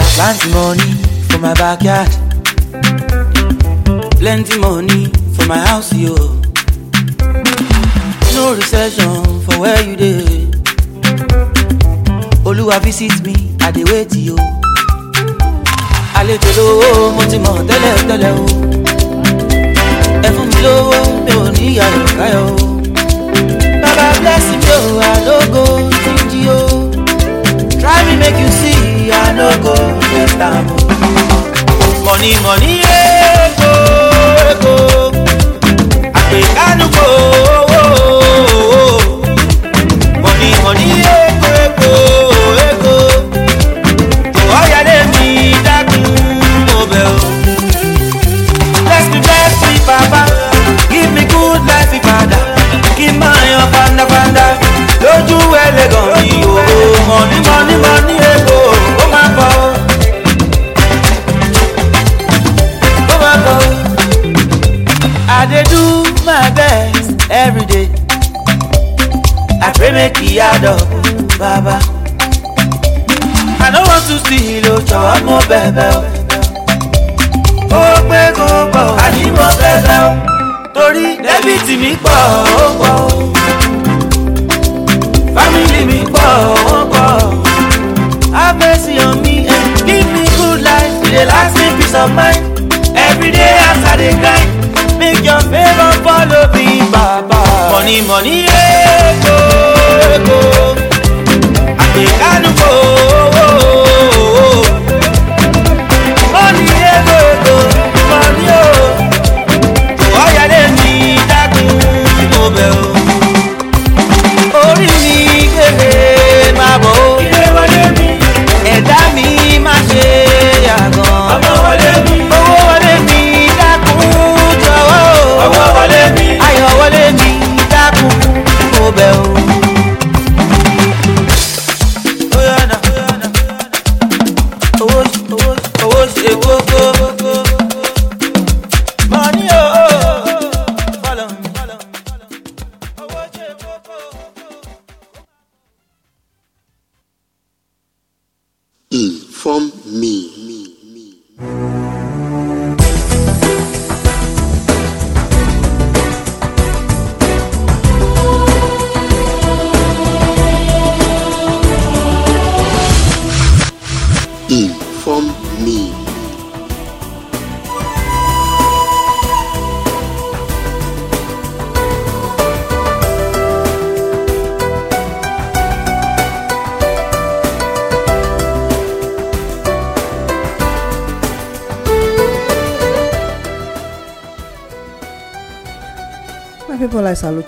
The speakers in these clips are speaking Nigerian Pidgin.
father plenty money for my backyard plenty money for my house yo no recession for where you dey olúwa visit me i dey wait yo àlejò lówó mo ti mọ̀ tẹ́lẹ̀ tẹ́lẹ̀ o ẹ fún mi lówó mi ò ní ìyá ìkáyọ̀ o bàbá bless me o àlógo jíjí o try me make you see i no go get am money money ego ego àgbékánu kò owó money money ego ego ego òwò ọ̀yàdé mi dákun mo bẹ̀ o. bless me bless me Papa. give me good life ìbàdàn kí n máa yan fandafanda lójú ẹlẹ́gàn mọ̀ nímọ̀ nímọ̀ ní ègbò ó máa bọ̀ I dey do my best every day. I pray make e add up, Baba. I no want to see lo jọ̀wọ́ mo bẹ̀bẹ̀ o. ó pé kó pọ̀ àní mo bẹ̀bẹ̀ o. torí débìtì mi pọ̀ ó oh. pọ̀ have mercy on me and give me good life. You dey last me peace of mind. Every day as I dey grind, make your favor follow me, Baba. Money, money, eko, eko, I dey kanu ko.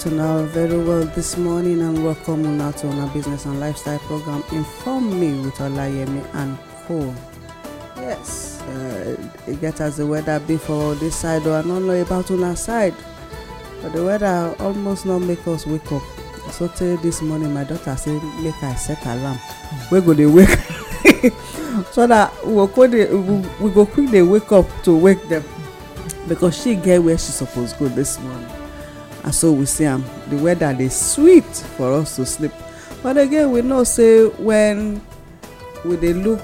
to now very well this morning and welcome una to our business and lifestyle program inform me with olayemi and co yes uh, e get as the weather be for this side or i no know about una side but the weather almost no make us wake up so tey this morning my daughter say make i set alarm wey go dey wake so that we go quick dey wake up to wake dem because she get where she suppose go this morning and so we see am um, the weather dey sweet for us to sleep but again we know say when we dey look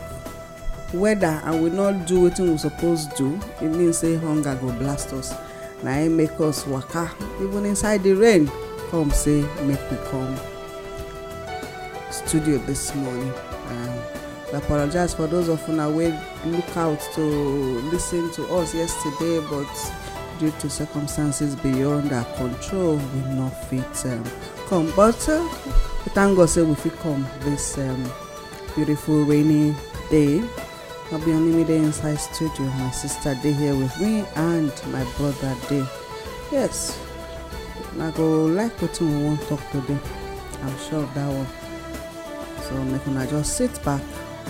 weather and we no do wetin we suppose do e mean say hunger go blast us na im make us waka even inside the rain come say make we come studio this morning and i apologize for those of una wey look out to lis ten to us yesterday but due to circumstances beyond our control we no fit um, come but uh, we thank god say we fit come this um, beautiful rainy day obianimi dey inside studio my sister dey here with me and my brother dey yes una go like wetin we wan talk today i'm sure of that one so make una just sit back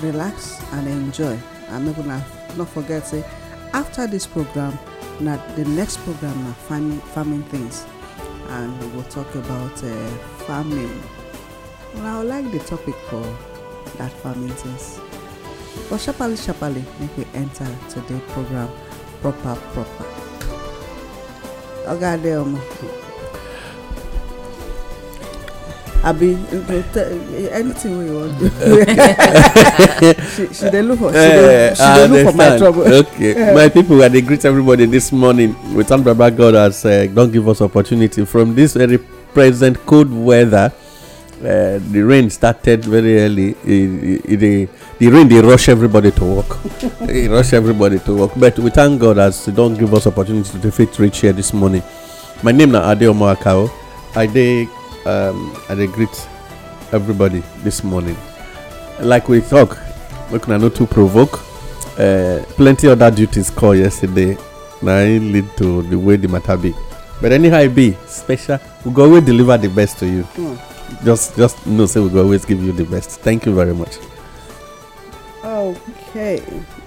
relax and enjoy and make una no forget say. Uh, after this program now the next program now farming farming things and we will talk about uh, farming well i like the topic for that farming things but sharply sharply make we enter today program proper proper oga adeomo. Okay, abi anything wey you wan do she she dey look for she dey eh, look for my trouble okay my people i dey greet everybody this morning we thank baba god as eh, don give us opportunity from this very present cold weather eh, the rain started very early the rain dey rush everybody to work e rush everybody to work but we thank god as e don give us opportunity to fit reach here this morning my name na adeomo akao i dey um, I greet everybody this morning. Like we talk, we una to provoke. Uh, plenty other duties call yesterday Now im lead to the way the matter be. But anyhow it be special we go always deliver the best to you. Mm. Just just no say we go always give you the best. Thank you very much. Okay.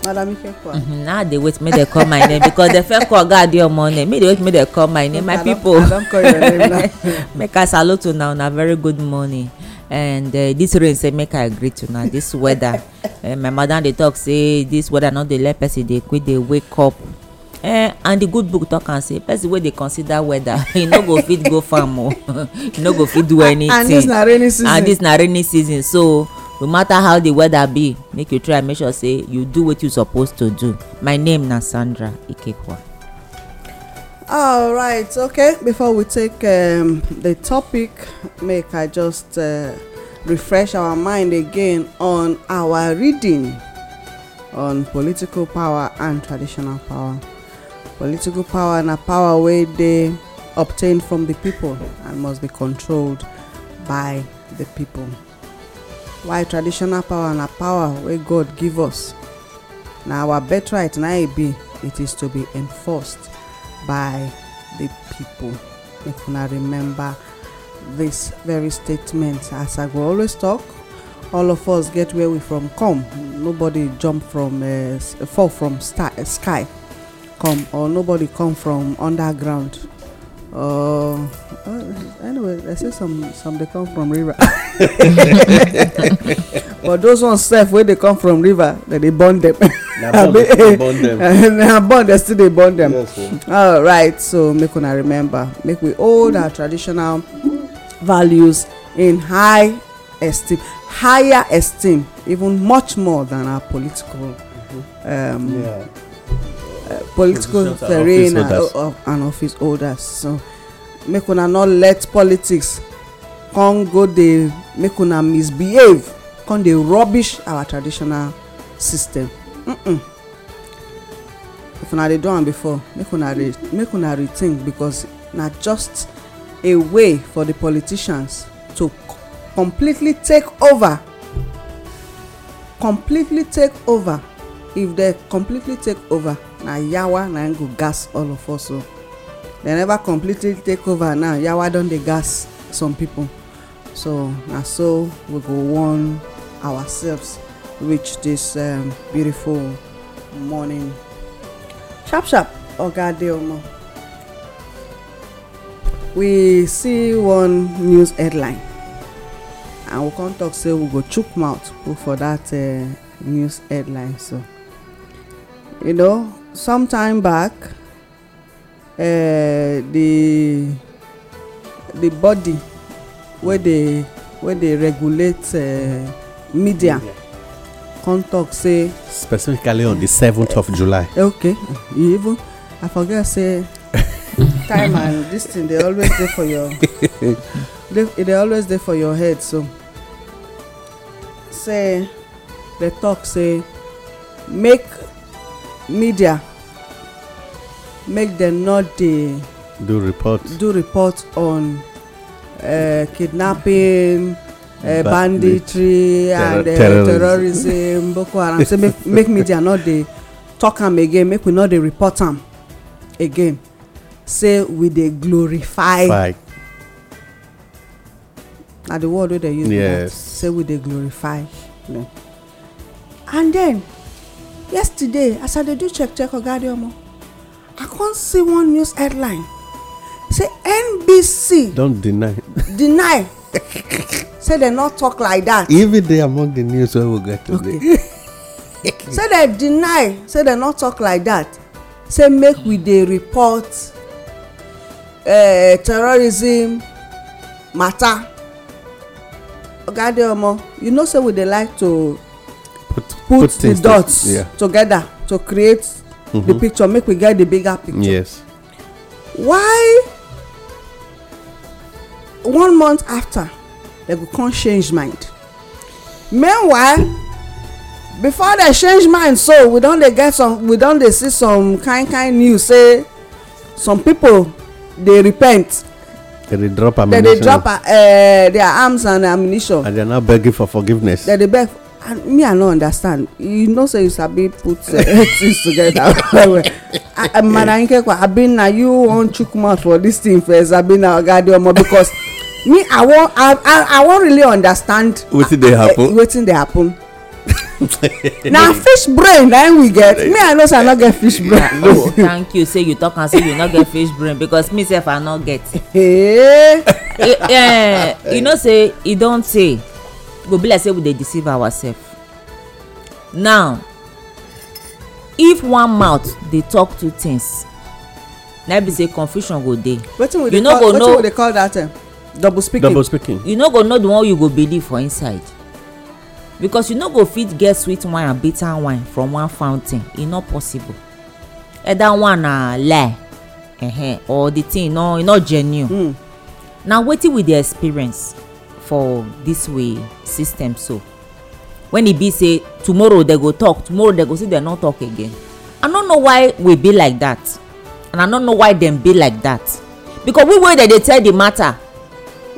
madam ikekwa mhm, now they wait make they call my name because they first call oga adeomo name make they wait make they call my name my people make i salute una una very good morning and uh, this rain say make i gree tuna This weather eh, my madam dey talk say this weather no dey let person dey quick dey wake up eh, and the good book talk am say person wey dey consider weather e no go fit go farm o e no go fit do anything and this na rainy season so no matter how the weather be make you try make sure say you do what you suppose to do my name na sandra ikekwa. all right okay before we take um, the topic make i just uh, refresh our mind again on our reading on political power and traditional power political power na power wey dey obtained from the people and must be controlled by the people. Why traditional power na power wey god give us na our birthright na e be it is to be enforced by the people make una remember this very statement as i go always talk all of us get where we from come nobody jump from uh, fall from star, uh, sky come or nobody come from underground Uh, anyway, I say some some they come from river but those ones sef Where they come from river dem They burn them. na burn dem still dey burn All right. so make una remember make we hold our traditional values in high esteem higher esteem even much more than our political um, yeah political terrain and of his holders so make una not let politics come go dey make una misbehave come dey rubbish our traditional system if una dey do am before make una make una rethink because na just a way for the politicians to completely take over completely take over if they completely take over na yawa na im go gas all of us o dem never completely take over now yawa don dey gas some people. so na so we go warn ourselves reach dis um, beautiful morning sharp sharp oga adeomo we see one news headline and we come talk say we go chook mouth put for dat uh, news headline so you know some time back uh, the the body wey dey wey dey regulate uh, media come talk say. specifically on the seventh of july. okay you even i forget say time and this thing dey always dey for your dey dey always dey for your head so say dey talk say make media make dem no dey do report do report on uh, kidnapping uh, banditry and uh, terrorism boko haram say make media no dey talk am again make we no dey report am again say we dey glorify na the word wey dem use yes say we dey glorify and then yesterday as i dey do check check oga omo, i come see one news headline say nbc don deny deny say dem no talk like that. even dey among the news wey we get today say dem deny say dem no talk like that. say make we dey report uh, terrorism matter oga omo, you know say we dey like to put, put, the dots yeah. together to create mm -hmm. the mm-hmm. picture make we get the bigger picture yes why one month after they go come change mind meanwhile before they change mind so we don't they get some we don't they see some kind kind news say some people they repent dem dey drop ammunition They drop uh, their arms and ammunition and they're now begging for forgiveness dem dey beg and me i no understand you know say you sabi put uh, things together well well madam nkekwa abina you wan chook mouth for this thing first abina ogade omo because me i wan i i wan really understand wetin dey happen wetin dey happen na fish brain na we get me i know say i no get fish brain no thank you say you talk am say you no get fish brain because me sef i no get eh? Eh, eh you know say e don tey go be like say we dey deceive ourselves now if one mouth dey talk two things na be say confusion go dey you no go know wetin we dey call that uh, double speaking double speaking you no go know the one you go believe for inside because you no go fit get sweet wine and bitter wine from one fountain e no possible either one na lie uh -huh, or the thing e no e no genuine mm. na wetin we dey experience for this way system so when e be say tomorrow they go talk tomorrow they go say they no talk again i no know why we be like that and i no know why dem be like that because we wey dem dey tell the matter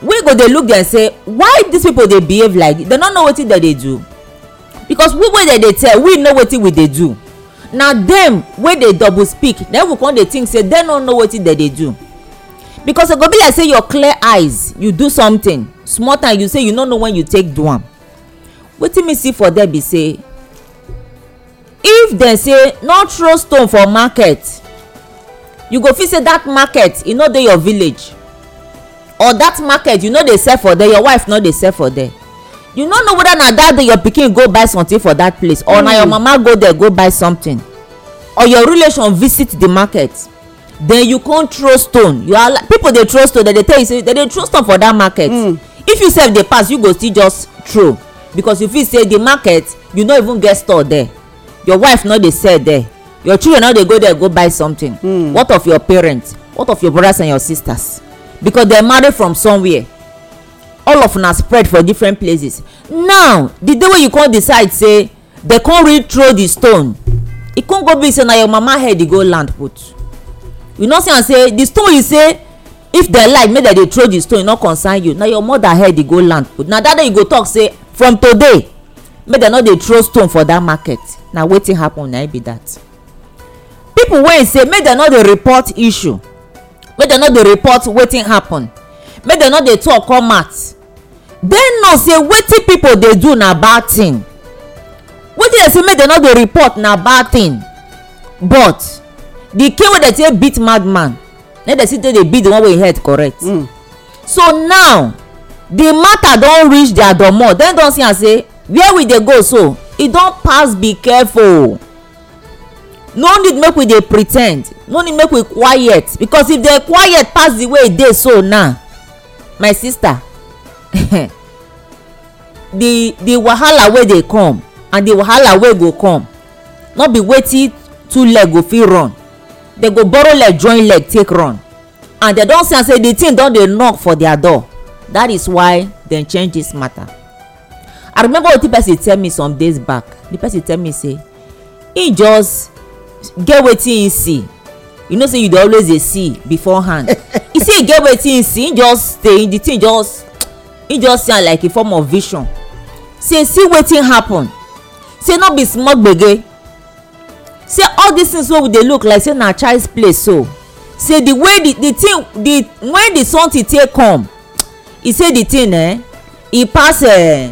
we go dey look dem say why dis people dey behave like dem no know wetin dem dey do because we wey dem dey tell we know wetin we dey do na dem wey dey double speak dem go come dey think say dem no know wetin dem dey do because e go be like say your clear eyes you do something small time you say you no know when you take do am wetin me see for there be say if dem say no throw stone for market you go feel say that market e no dey your village or that market you no dey sell for there your wife no dey sell for there you no know whether na that day your pikin go buy something for that place or mm. na your hmm. mama go there go buy something or your relation visit the market then you come throw stone you are like people dey throw stone They dey tell you say dem dey throw stone for that market. Mm if you sef dey pass you go still just throw because you feel say the market you no even get store there your wife no dey sell there your children no dey go there go buy something mm. what of your parents what of your brothers and your sisters because dem marry from somewhere all of una spread for different places now the day wey you come decide say dem come really throw the stone e come go be say na your mama head e go land put you know say am say the stone you say if dem like make dem dey throw the stone e no concern you na your mother head e go land put na that day you go talk say from today make dem no dey throw stone for that market na wetin happen na e be that people wey say make dem no dey report issue make dem no dey report wetin happen make dem no dey talk come out dem know say wetin people dey do na bad thing wetin dem say make dem no dey report na bad thing but the king wey dem take beat madman make dem still take dey beat the one wey im head correct mm. so now the matter don reach their domot dem don see am say where we dey go so e don pass be careful no need make we dey pre ten d no need make we quiet because if dem quiet pass the way e dey so now my sister the the wahala wey dey come and the wahala wey go come no be wetin two leg go fit run dem go borrow leg join leg take run and dem don see am say the thing don dey knock for their door that is why dem change this matter i remember wetin person tell me some days back the person tell me say he just get wetin he see you know say you dey always dey see beforehand he say he get wetin he see he just stay the thing just he just see am like a form of vision say see wetin happen say no be small gbege say all these things wey we dey look like say na child's play so say the way the the thing the when the something take come e say the thing eh e pass eh,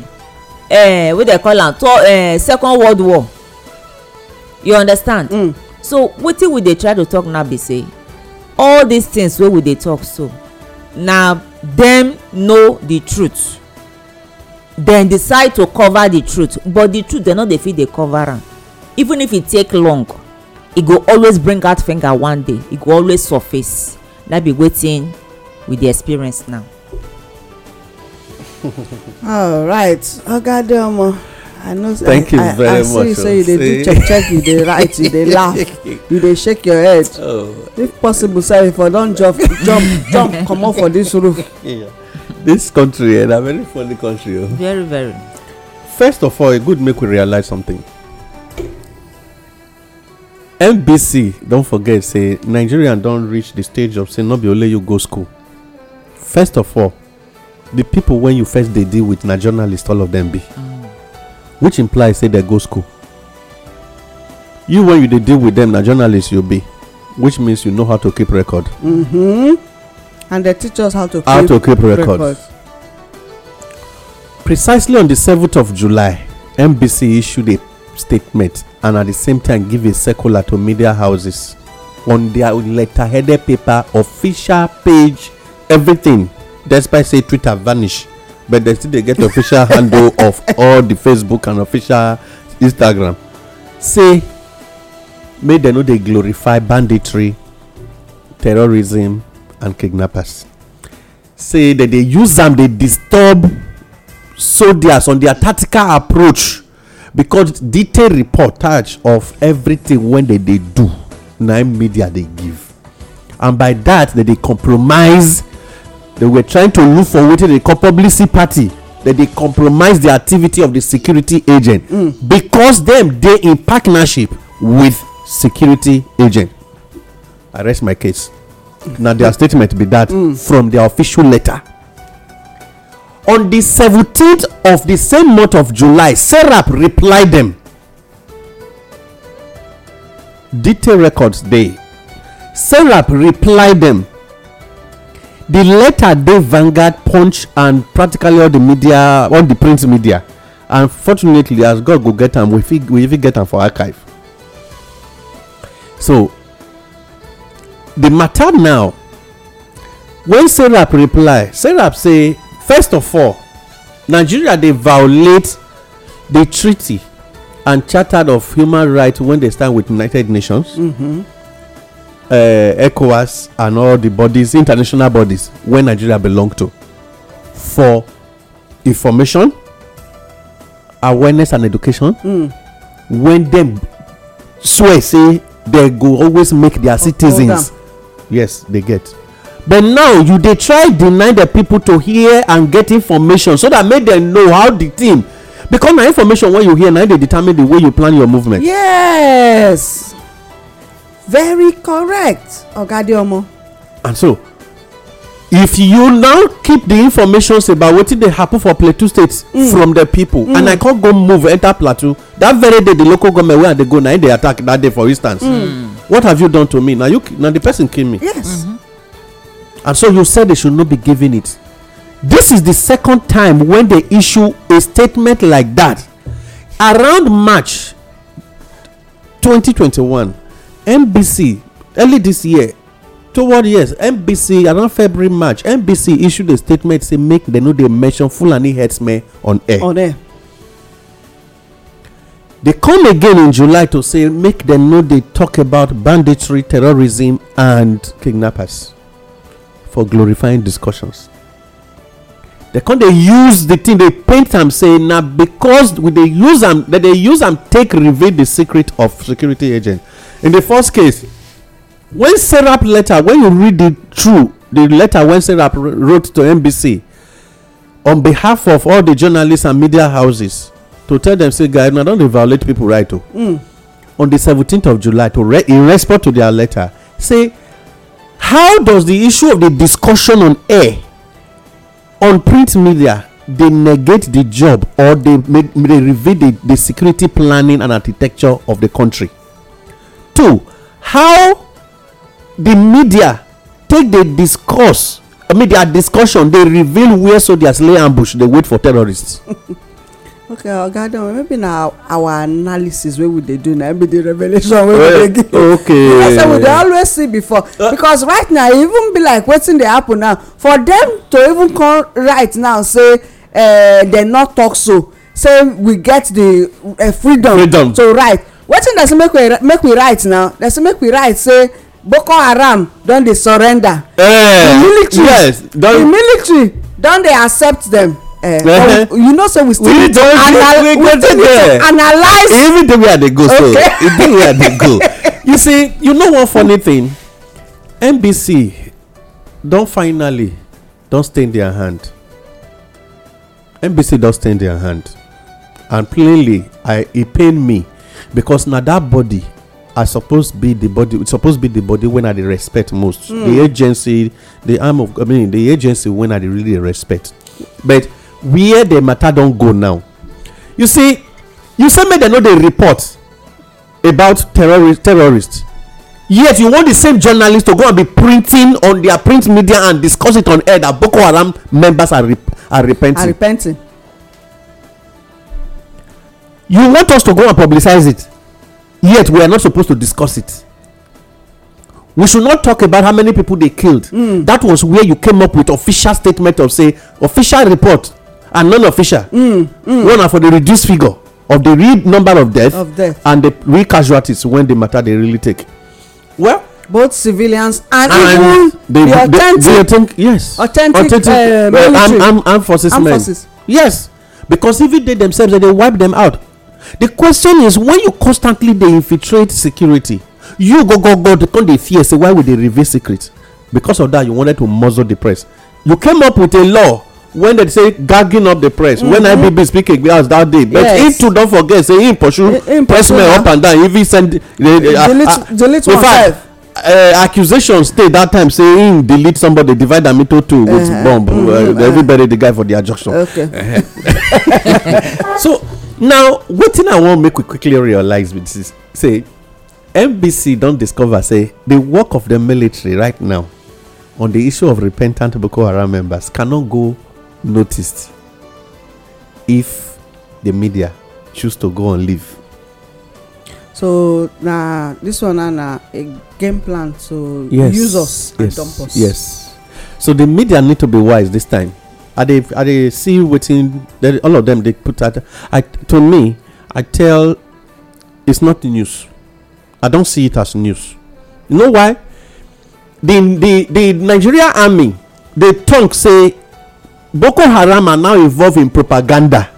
eh, wey dem call am to eh, second world war you understand. Mm. so wetin we dey try to talk now be say all these things wey we dey talk so na dem know the truth dem decide to cover the truth but the truth dem no dey fit dey cover am even if e take long e go always bring out finger one day e go always surface na be wetin we dey experience now. all right oga adeomo i know say thank you very much i see say you dey do check check you dey write you dey laugh you dey shake your head oh. if possible sir if I don jump jump jump comot for dis roof. This country eh, na very funny country o. Oh. very very. first of all e good make we realize something nbc don forget say nigeria don reach the stage of say no be only you go school first of all the people wey you first dey deal with na journalists, all of them be which implies say they go school you when you dey deal with them, na journalist you be which means you know how to keep record mm-hmm. and dem teach us how to how to keep record precisely on the 7th of july nbc issued a statement and at the same time give a circular to media houses on their letterheaded paper official page everything despite say twitter vanish but they still dey get official handle of all the facebook and official instagram say make they no dey glorify banditry terrorism and kidnappers say dem dey use am dey disturb soldiers on their tactical approach because detailed reportage of everything wey dem dey do na im media dey give and by that dem dey compromise they were trying to look for wetin they call publicity party that dey compromise the activity of the security agent mm. because dem dey in partnership with security agent i rest my case na their mm. statement be that mm. from their official letter on the seventeenth of the same month of july serap reply dem Detail records dey serap reply dem The letter dey vanguard punch and practically all the media all the print media and fortunately as god go get am we fit get am for archive so the matter now when serap reply serap say first of all nigeria dey violate di treaty and charter of human rights when they stand with united nations mm-hmm. uh, ecowas and all di bodies international bodies wey nigeria belong to for information awareness and education mm. when dem swear say dem go always make dia citizens yes dey get but now you dey try deny the people to hear and get information so that make them know how the thing because na information wey you hear na dey determine the way you plan your movement. yes very correct oga adeomo. and so if you now keep the informations about wetin dey happen for plateau state. Mm. from the people and i mm. come go move enter plateau that very day the local government wey i dey go na im dey attack that day for instance mm. what have you done to me na you na the person kill me yes mm-hmm. and so you said they should not be giving it this is the second time when they issue a statement like that around march 2021 nbc early this year toward yes nbc around february march nbc issued a statement saying make they know they mention fulani herdsmen on air on air They come again in july to say make dem know they talk about banditry terrorism and kidnappers for glorifying discussions they con They use the thing They paint them saying now because we dey use them, that they use them take reveal the secret of security agent in the first case when serap letter when you read it through the letter when serap wrote to nbc on behalf of all the journalists and media houses to tell them say guys now don't violate people' right o oh? hmm. on the 17th of july to in response to their letter say how does the issue of the discussion on air on print media dey negate the job or dey dey reveal the the security planning and architecture of the country two how the media take dey discuss i mean their discussion dey reveal where soldiers lay ambush dey wait for terrorists okay oga don maybe na our analysis wey we dey do na be the revelation wey we dey give okay you know say we dey always see before uh, because right now e even be like wetin dey happen now for dem to even come right now say eh, dem not talk so say we get the eh, freedom Freedom. to write wetin dem say make we make we write now dem say make we write say boko haram don dey surrender eh, the military the military don dey accept dem Eh. you know so we still we need to analyze we, we still need to analyze even the way i dey go so okay. the way i dey go you see you know one funny thing nbc don finally don stay in their hand nbc don stay in their hand and plainly i e pain me because na that body i suppose be the body suppose be the body when i dey respect most mm. the hmm. agency the arm of i mean the agency when i dey really respect but where the matter don go now you see you say make dem no dey report about terrorist terrorists yet you want the same journalists to go and be printing on their print media and discuss it on air that boko haram members are are repenting. are repenting. you want us to go and publicize it yet we are not supposed to discuss it we should not talk about how many people they killed. Mm. that was where you came up with official statement of say official report and non-official mm, mm. one na for the reduced figure of the real number of deaths and the real casualties when the matter dey really take well both civilians and even the authentic yes authentic uh, military armed forces yes because if it dey themselves dem dey wipe them out the question is when you constantly dey infiltrate security you go go go come dey fear say why we dey reveal secret because of that you wanted to muzzle the press you came up with a law when they say gagging up the press when mm-hmm. ibb speak against that day but him too don forget say him pursue pressmen up and down even send the the delete uh, uh, one five uh, accusations, stay that time say him delete somebody divide am into two with uh-huh. bomb mm-hmm. uh-huh. everybody the guy for di adjunction so now wetin i wan make we quickly realize with this say nbc don discover say the work of the military right now on the issue of repentant boko haram members cannot go noticed if the media choose to go on leave so na this one na a game plan to use us and dump us yes so the media need to be wise this time i dey see wetin all of them? dey put out to me i tell it's not news i don see it as news you know why The the the nigeria army dey tongue say boko haram are now involved in propaganda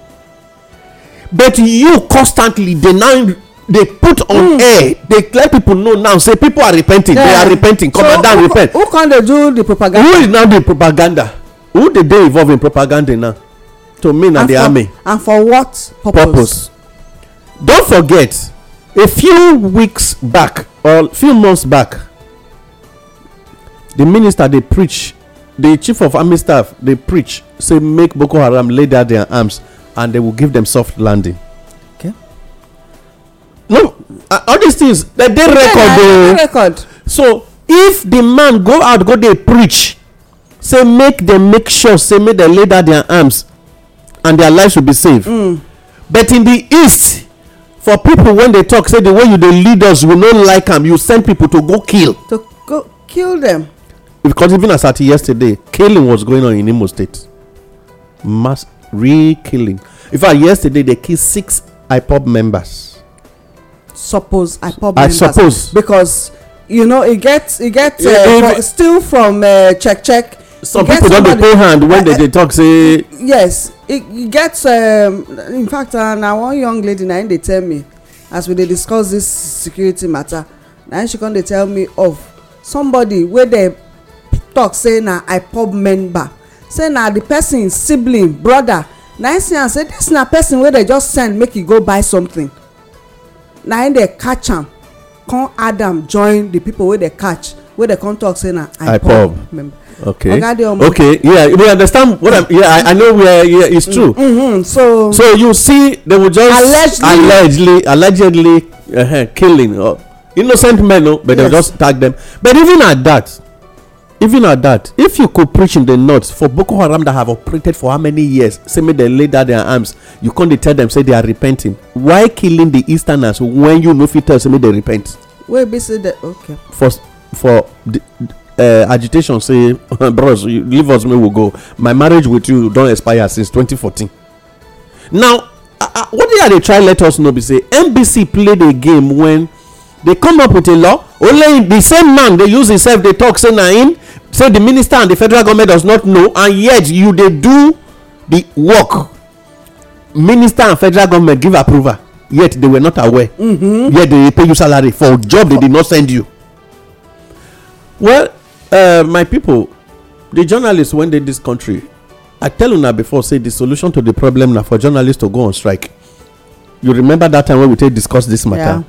but you constantly dey They put on hmm. air They let people know now say people are repenting they are repenting Come commandant repent who can dey do the propaganda who is now the propaganda who dey dey involved in propaganda now to me na the army and for what purpose Purpose. Don't forget a few weeks back or few months back the minister dey preach The chief of army staff dey preach say make boko haram lay down their arms and they will give them soft landing Okay. no uh, all these things dem dey record o so if the man go out go dey preach say make them make sure say make them lay down their arms and their lives will be safe mm. but in the east for people wen dey talk, say the way you dey lead us we no like am you send people to go kill to go kill them because even as at yesterday, killing was going on in Imo State. Mass re-killing. In fact, yesterday they killed six IPOB members. Suppose IPOB I members. I suppose because you know it gets it gets uh, for, still from uh, check check. Some people don't dey pay hand when uh, they eh, dey talk say. Eh, yes, it, it gets. Um, in fact, uh, na one young lady na im dey tell me as we dey discuss this security matter na im she come dey tell me of somebody wey dem talk say na ipob member say na the person sibling brother na him see am say dis na person wey dem just send make e go buy something na him dey catch am come add am join the people wey dey catch wey dey come talk say na ipob member okay okay yeah we understand what i'm yeah i know where yeah it's true mm, mm-hmm, so so you see they will just allegedly allegedly uh-huh, killing or uh, innocent men oh, but they just tag them. but even at that even at that if you could preach in the north for boko haram that have operated for how many years say make dem lay down their arms you come dey tell dem say they are repenting why killing the easterners when you no fit tell say make dem repent. wey be say the okay. for for the uh, agitation say bros leave us make we go my marriage with you don expire since 2014 now uh, what they are dey try let us know be say nbc play the game when they come up with a law only the same man dey use himself dey talk say na him say the minister and the federal government does not know and yet you dey do the work minister and federal government give approval yet they were not aware mm-hmm. yet they dey pay you salary for job they did not send you well uh, my people, the journalists wey dey dis country i tell una before say the solution to the problem na for journalists to go on strike you remember that time wey we take discuss this matter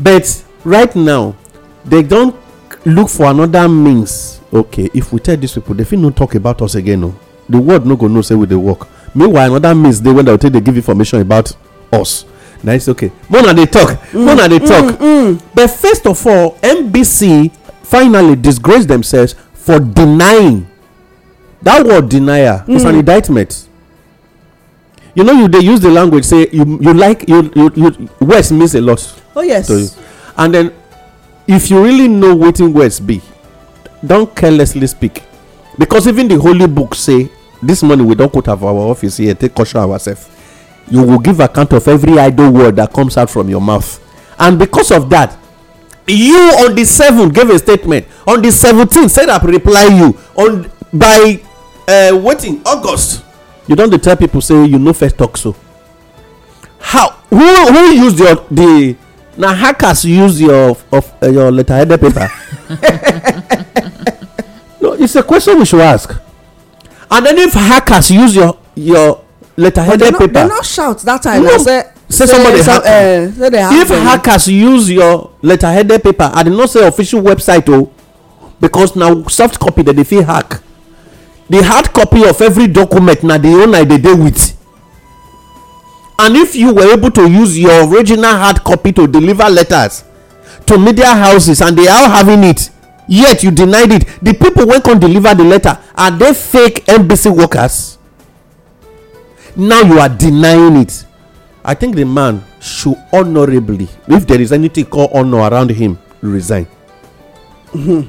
but right now they don look for another means okay if we tell dis people they fit no talk about us again o the world no go know say we dey work meanwhile another means dey when they take dey give information about us na it's okay mona dey talk mm, mona dey mm, talk mm. but first of all nbc finally disgrace themselves for denying that word denier is an indictment you know you dey use the language say you you like you you you west means a lot oh yes to you and then if you really know wetin words be don carelessly speak because even the holy book say this morning we don quote am for our office here take caution ourselves you go give account of every idle word that comes out from your mouth and because of that you on the seventh gave a statement on the seventeenth sarah reply you on by uh, waiting august you don dey tell people say you no first talk so how who who use the the na hackers use your of uh, your letterhead paper no it's a question we should ask and then if hackers use your your letterhead paper they no shout that time no. say say somebody hack uh, say they hack if hackers use your letterhead paper and they no say official website o oh, because na soft copy dem dey fit hack the hard copy of every document na the one i dey dey with and if you were able to use your original hard copy to deliver letters to media houses and they are having it yet you denied it the people wey come deliver the letter are they fake NBC workers now you are denying it i think the man should honourably if there is anything called honour around him resign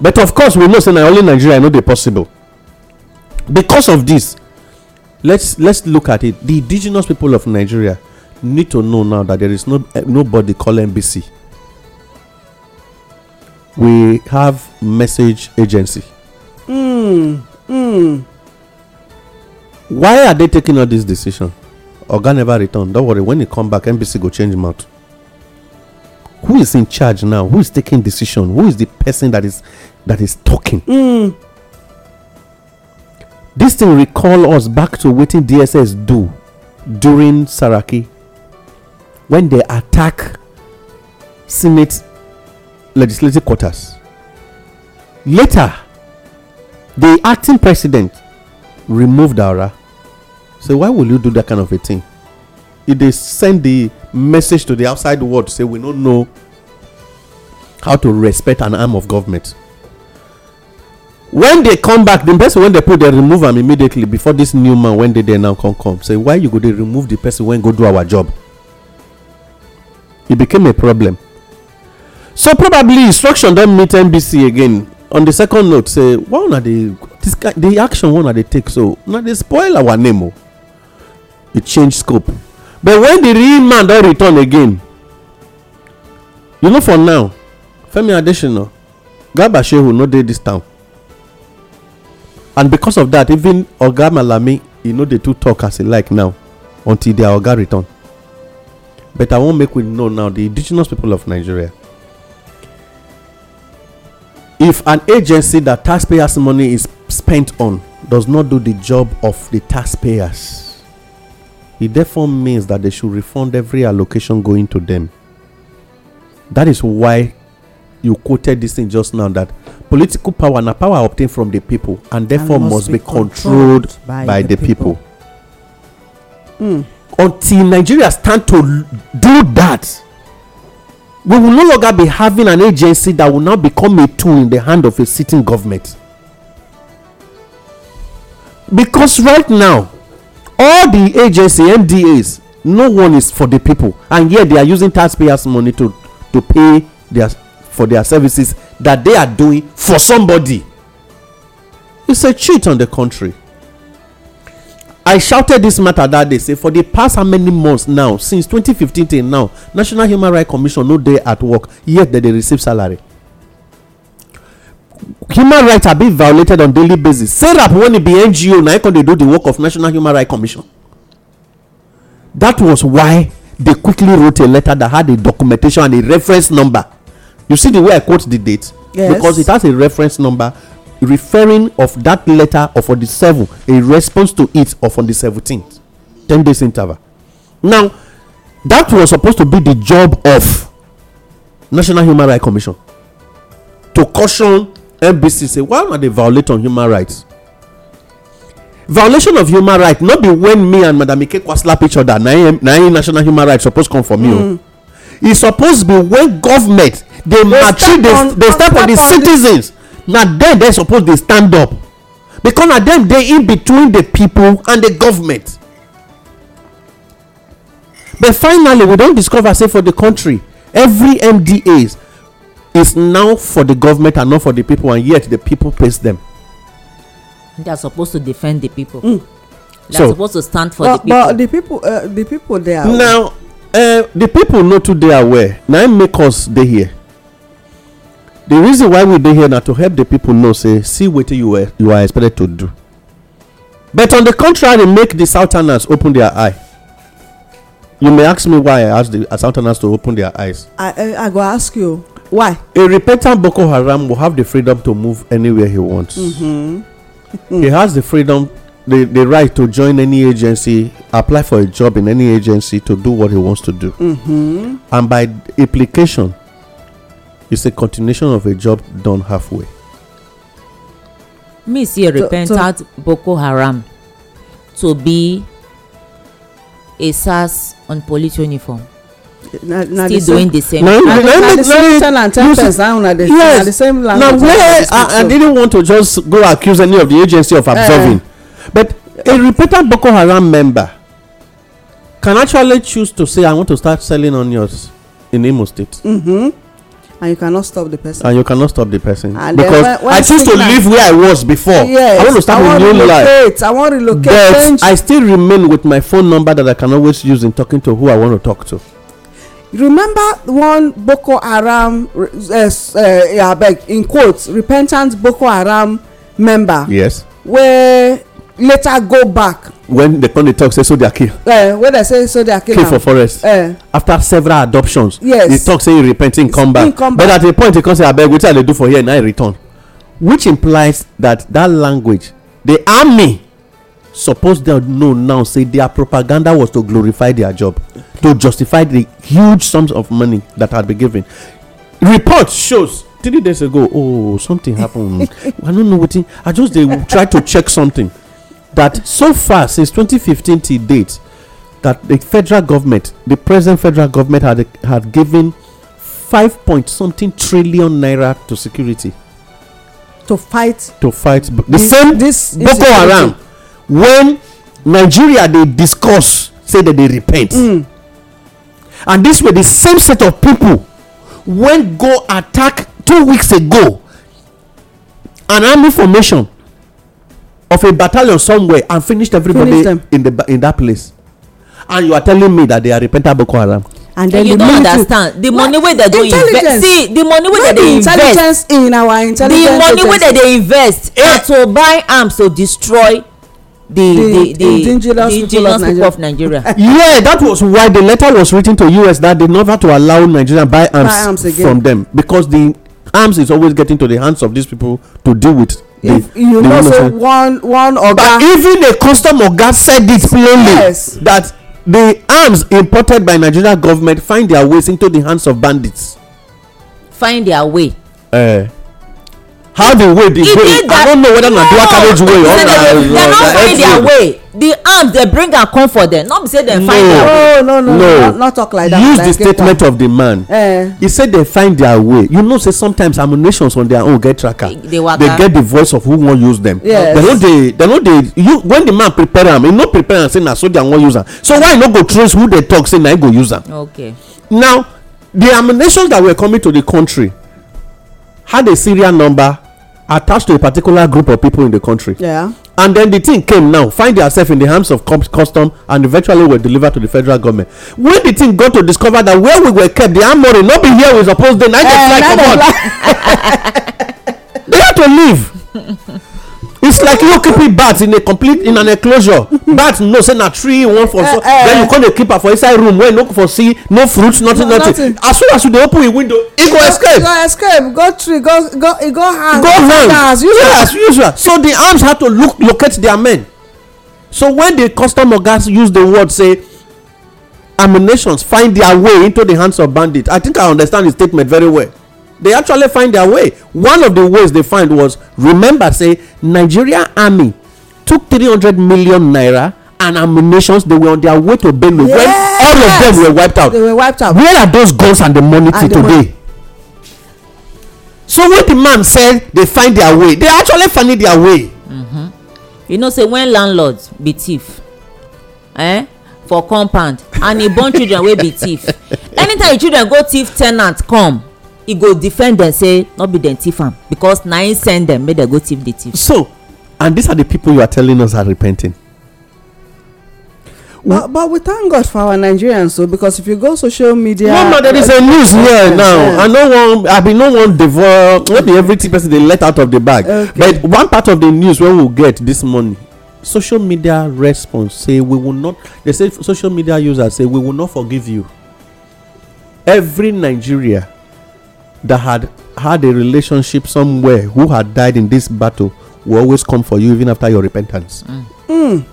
but of course we know say na only nigeria no dey possible because of this let's let's look at it the indigenous people of nigeria need to know now that there is no eh, nobody call nbc we have message agency mm, mm. why are they taking all this decision oga never return don't worry when he come back nbc go change him out. who is in charge now who is taking decision who is the person that is that is talking mm. This thing recall us back to waiting DSS do during Saraki when they attack Senate legislative quarters. Later, the acting president removed Dara. So why will you do that kind of a thing? If they send the message to the outside world, say we don't know how to respect an arm of government. When they come back the person wey dey put dey remove am immediately before this new man wey dey there now come come say why you go dey remove the person wey go do our job e became a problem so probably instruction don meet nbc again on the second note say why una dey the action wey una dey take so una dey spoil our name o oh. e change scope but when the real man don return again you know for now femi adesina gaba shehu no dey this town and because of that even oga malami e no dey too talk as e like now until their oga return but i wan make we know now the indigenous people of nigeria if an agency that taxpayers money is spent on does not do the job of the taxpayers it therefore means that they should refund every allocation going to them that is why you quoted this thing just now that political power na power obtained from the people and therefore and must, must, be controlled, controlled by, by, the, the people, people. Mm. until nigeria stand to do that we will no longer be having an agency that will now become a tool in the hand of a sitting government because right now all the agency NDAs, no one is for the people and yet they are using taxpayers money to to pay their for their services that they are doing for somebody. It's a cheat on the country. I shouted this matter that day say for the past how many months now since 2015 till now National Human Rights Commission no day at work yet that they receive salary. Human rights are being violated on daily basis. SERAP when e be NGO now? e come dey do the work of National Human Rights Commission. That was why they quickly wrote a letter that had a documentation and a reference number you see the way i quote the date yes. because it has a reference number referring of that letter of on the seven a response to it of on the 17 ten 10 days interval now that was supposed to be the job of national human rights commission to caution nbc say why una dey violate on human rights violation of human rights no be when me and madam ikekwa slap each other na im national human rights suppose come for me o oh. e mm. suppose be when government dey mature dey step on di citizens na dem dem suppose dey stand up because na dem dey in between di pipo and di government but finally we don discover say for di country every MDA is now for di government and not for di pipo and yet di pipo praise dem they are supposed to defend the people. Mm. They so, are supposed to stand for but, the people. But the people, uh, the people they are now, uh, the people not today aware. Now make us they here. the reason why we dey here na to help the people know say see wetin you were you are expected to do but on the contrary make the southerners open their eye you may ask me why i ask the southerners to open their eyes i i go ask you why a repentant boko haram will have the freedom to move anywhere he wants mm-hmm. he has the freedom the the right to join any agency apply for a job in any agency to do what he wants to do mm-hmm. and by implication It's a continuation of a job done halfway. Me see a repentant Boko Haram to be a SARS on police uniform. na na still the doing the same. na na na the same ten and ten percent the yes. the same language. where I, I didn't want to just go accuse any of the agency of observing uh, but a repentant Boko Haram member can actually choose to say I want to start selling onions in Imo State. Mm -hmm and you cannot stop the person. and you cannot stop the person. and because when, when i choose to live where i was before. yes i want to start a new relocate, life. i wan relocate i wan relocate. but i still remain with my phone number that i can always use in talking to who i want to talk to. remember one boko haram uh, uh, abeg in quotes repentant boko haram member. yes. where later go back when dem come dey talk say soldier kill eh when dem say "So they are kill kill for forest eh after several adoptions yes e talk say e repent him come back but at a point e come say abeg wetin i dey do for here na I return which implies that that language the army suppose dem know now say their propaganda was to glorify their job to justify the huge sums of money that had been given report shows three days ago oh something happened i no know wetin i just dey try to check something that so far since 2015 to date, that the federal government, the present federal government, had had given five point something trillion naira to security. To fight. To fight the this, same this Boko Haram when Nigeria they discuss say that they repent. Mm. And this were the same set of people when go attack two weeks ago an army formation of a battalion somewhere and finished everybody Finish in the in that place and you are telling me that they are repentant boko haram. and then and you the don't understand the money wey dem don invest see the money wey dem dey invest in our intelligence the money wey dem dey invest na eh? to buy arms to destroy the the the indigenous people of nigeria, of nigeria. yeah that was why the letter was written to us that they never to allow nigeria buy arms, buy arms from them because the arms is always getting to the hands of these people to deal with if you know say one one oga but even a custom oga said it plainly yes that the arms imported by nigeria government find their ways into the hands of bandits find their way uh, how the way the way i don't know whether na dual carriage way or na na express way the arms dey bring am come for dem not be say dem find their way oh, no no no no. not talk like that use the statement of the man eh. he say dem find their way you know say sometimes ammunitions on their own get tracker dey get the voice of who wan use them. yes they no dey when the man prepare am he no prepare am say na soldier wan use am so why you no go trace who dey talk say na him go use am now the ammunitions that were coming to the country had a serial number attached to a particular group of people in the country. Yeah and then the thing came now find yourself in the hands of custom and eventually were delivered to the federal government when the thing go to discover that where we were kept the armory no be here we suppose dey na eh, dey fly comot they had to leave it's like you keeping bat in a complete in an enclosure bat know say na tree one for eh, so eh. then you come dey keep am for inside room wey no for see no fruit nothing nothing as soon as you dey open e window e go escape go escape go tree go go e go hang go hang as usual as usual so the arms had to look locate their men so when the custom ogas use the word say ammunitions find their way into the hands of bandits i think i understand the statement very well they actually find their way one of the ways they find was remember say nigeria army took 300 million naira and ammunitions they were on their way to Benue yes. when all of them were wiped out. They were wiped out. Where are those guns and the money and today? So when the man said they find their way, they actually find their way. Mm-hmm. You know, say when landlords be thief, eh, for compound and e born children wey be thief, anytime children go thief ten ant come e go defend dem say no be dem thief am because na him send dem make dem go thief the thief. so and these are the people you are telling us are repenting. But, but we thank God for our Nigerians so because if you go social media. No, no, there is a news here now. I know one, I mean, no one devour. Maybe be every person they let out of the bag. Okay. But one part of the news where we we'll get this morning, social media response say we will not. They say social media users say we will not forgive you. Every Nigeria that had had a relationship somewhere who had died in this battle will always come for you even after your repentance. Mm. Mm.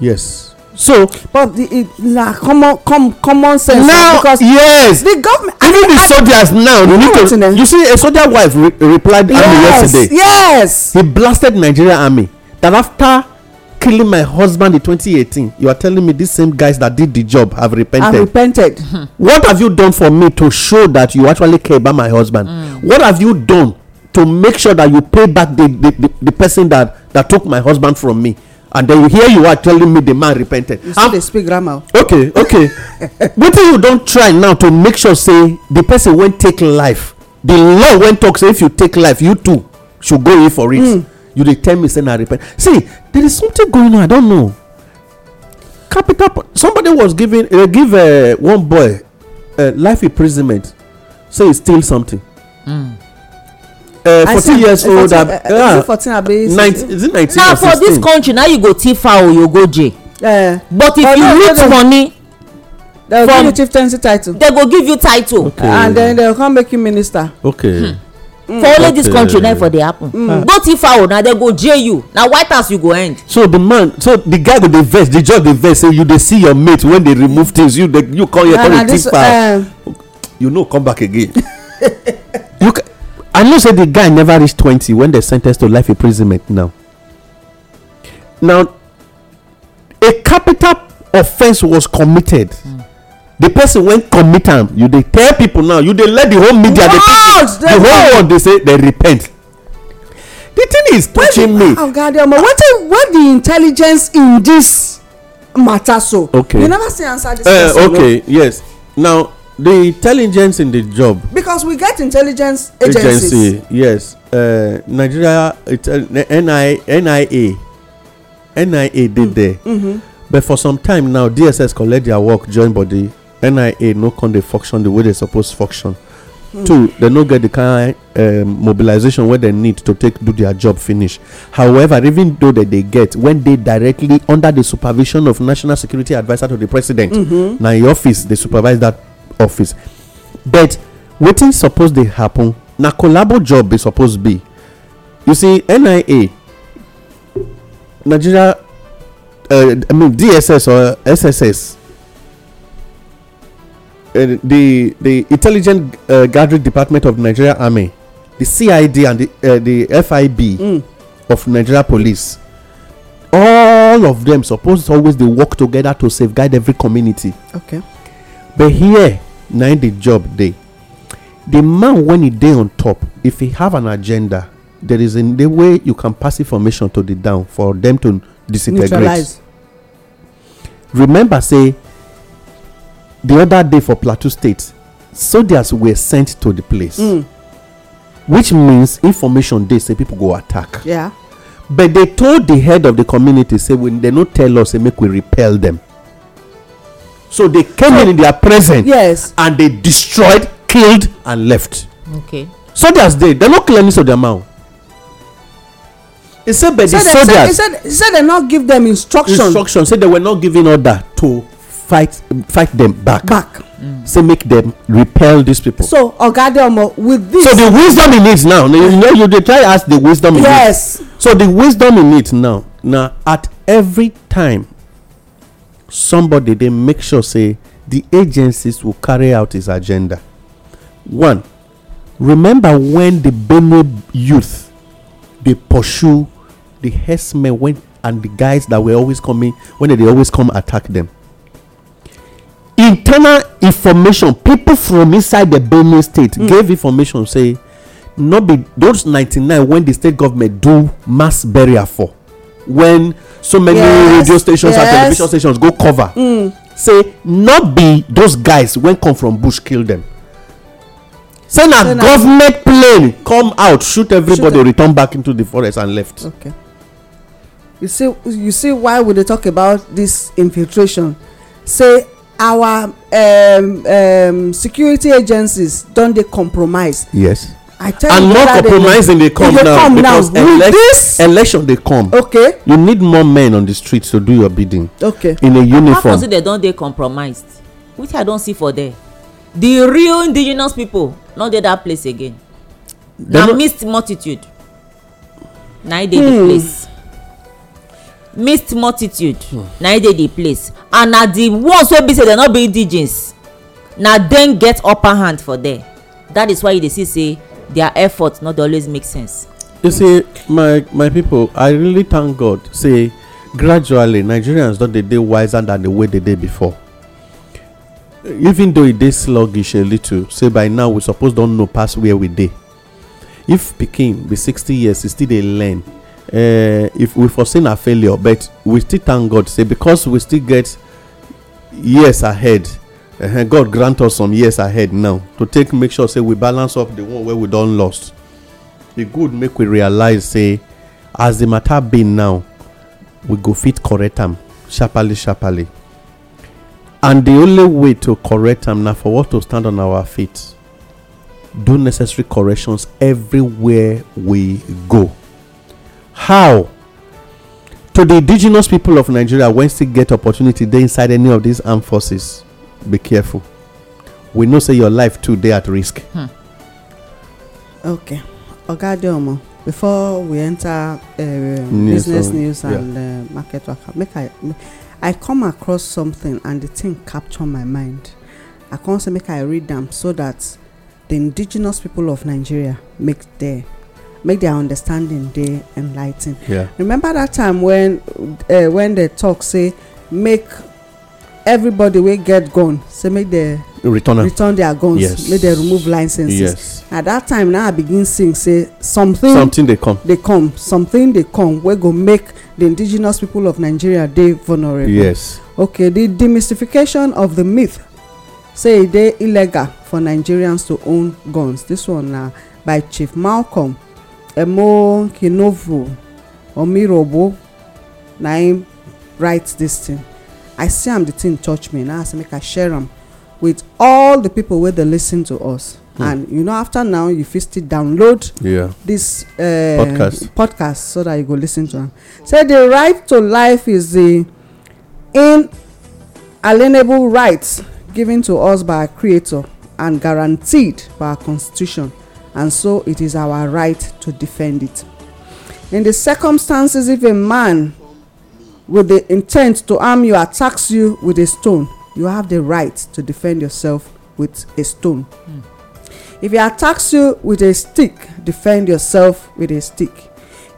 Yes. So, but the it, la, common com, common sense now yes the government even I, the I, soldiers I, now you need to you see a soldier wife re replied yes, army yesterday yes he blasted Nigeria army that after killing my husband in 2018 you are telling me these same guys that did the job have repented have repented what have you done for me to show that you actually care about my husband mm. what have you done to make sure that you pay back the, the, the, the person that that took my husband from me and then here you are telling me the man repented. you still dey speak grammar. okay okay wetin you don try now to make sure say the person wey take life the law wey talk say if you take life you too should go in for it. Mm you dey tell me say na repent see there is something going on i don't know capital somebody was giving uh, give uh, one boy uh, life imprisonment say he steal something hmm. Uh, 14 years uh, old Uh, 14 19 is it 19 now for this country now you go thief fowl you go jail but if you loot money dem go give you chieftaincy title They go give you title and then dem come make you minister okay hmm. Mm. for only dis country na for dey happen mm. Mm. go thief fowl na dem go jail you na white house you go end so the man so the guy go dey vex the judge dey vex say you dey see your mate when dey remove things you you come here come thief fowl uh, you no come back again you i know say the guy never reach twenty when dem sentence to life imprisonment now now a capital offence was committed the person wey commit am you dey tell people now you dey let the whole media dey pick the whole world dey say dey repent the thing is touching me oh god omo wetin what the intelligence in this matter so okay you never see answer this eh, question okay yes now the intelligence in the job because we get intelligence agencies agency yes eh, nigeria eh, nia nia dey mm, there mm-hmm. but for some time now dss collect their work join body nia no con dey function the way they suppose function two they no get the kind um, mobilization wey they need to take do their job finish however even though dem dey get when they directly under the supervision of national security adviser to the president mm-hmm. na im office they supervise that office but wetin suppose dey happen na collabo job be suppose be you see nia nigeria uh, i mean dss or sss Uh, the the intelligent uh, gathering department of nigeria army the cid and the uh, the fib mm. of nigeria police all of them suppose always dey work together to safeguard every community okay but here na the job dey the man when he dey on top if he have an agenda there is a the way you can pass information to the down for them to disintegrate Neutralize. remember say the other day for plateau state soldiers were sent to the place mm. which means information dey say people go attack yeah but they told the head of the community say when they no tell us say make we repel them so they came in in their presence yes and they destroyed killed and left okay soldiers dey They no kill any soldier man He say but the soldiers e say dem not give them instructions. Instructions. say they were not giving order to fight fight them back back mm. say make them repel these people. so oga adeomo with this. so the wisdom e need now you know, dey try ask the wisdom e need yes so the wisdom e need now na at every time somebody dey make sure say the agencies will carry out his agenda one remember when the benue youth dey pursue di herdsmen and the guys that were always coming when they dey always come attack them internal information people from inside the benue state hmm. gave information say not be those nine when the state government do mass burial for when so many radio stations and television stations go cover hmm. say not be those guys wey come from bush kill dem say na government plane come out shoot everybody return back into the forest and left okay you see you see why we dey talk about this infiltration say our um, um, security agencies don dey compromise yes i tell and you more compromising dey come now come because now. Elec this? election dey come okay you need more men on the street to do your bidding okay in a uniform how come say dem don dey compromised which i don see for there the real indigenous people no dey that place again na mixed multitude na e dey the hmm. place mixed multitude na e dey the place and na the ones wey be say dem no be indigents na dem get upper hand for there that is why you dey see say their effort no dey always make sense. you see my my people i really thank god say gradually nigerians don dey dey wiser than the way they dey before even though e dey sluggish a little say by now we suppose don know pass where we dey if pikin be sixty years e still dey learn Eh, if we foresee a failure but we still thank god say because we still get years ahead eh, god grant us some years ahead now to take make sure say we balance up the one wey we don lost e good make we realize say as the matter be now we go fit correct am sharply sharply and the only way to correct am na for us to stand on our feet do necessary corrections everywhere we go how to the indigenous people of nigeria when still get opportunity dey inside any of these armed forces be careful we know say your life too dey at risk hmm. okay oga adeomu before we enter uh, business uh, news and uh, market waka make i i come across something and the thing capture my mind i come say make i read am so that the indigenous people of nigeria make their make their understanding dey enligh Yeah. remember that time when eh, when they talk say make everybody wey get gun say make dem return their guns Yes. make dem remove licenses Yes. at that time now i begin sing say something something dey come dey come something dey come wey go make the indigenous people of nigeria dey vulnerable yes okay The demystification of the myth say e dey illegal for nigerians to own guns This one na by chief malcolm emo kinovu omirobo na him write dis thing i see am the thing touch me now i make i share am with all the people wey dey listen to us hmm. and you know after now you fit still download this eh, podcast podcast so that you go listen to am say the right to life is the inalienable right given to us by our creator and guaranteed by our constitution and so it is our right to defend it. In the circumstances, if a man with the intent to harm you attacks you with a stone, you have the right to defend yourself with a stone. Mm. If he attacks you with a stick, defend yourself with a stick.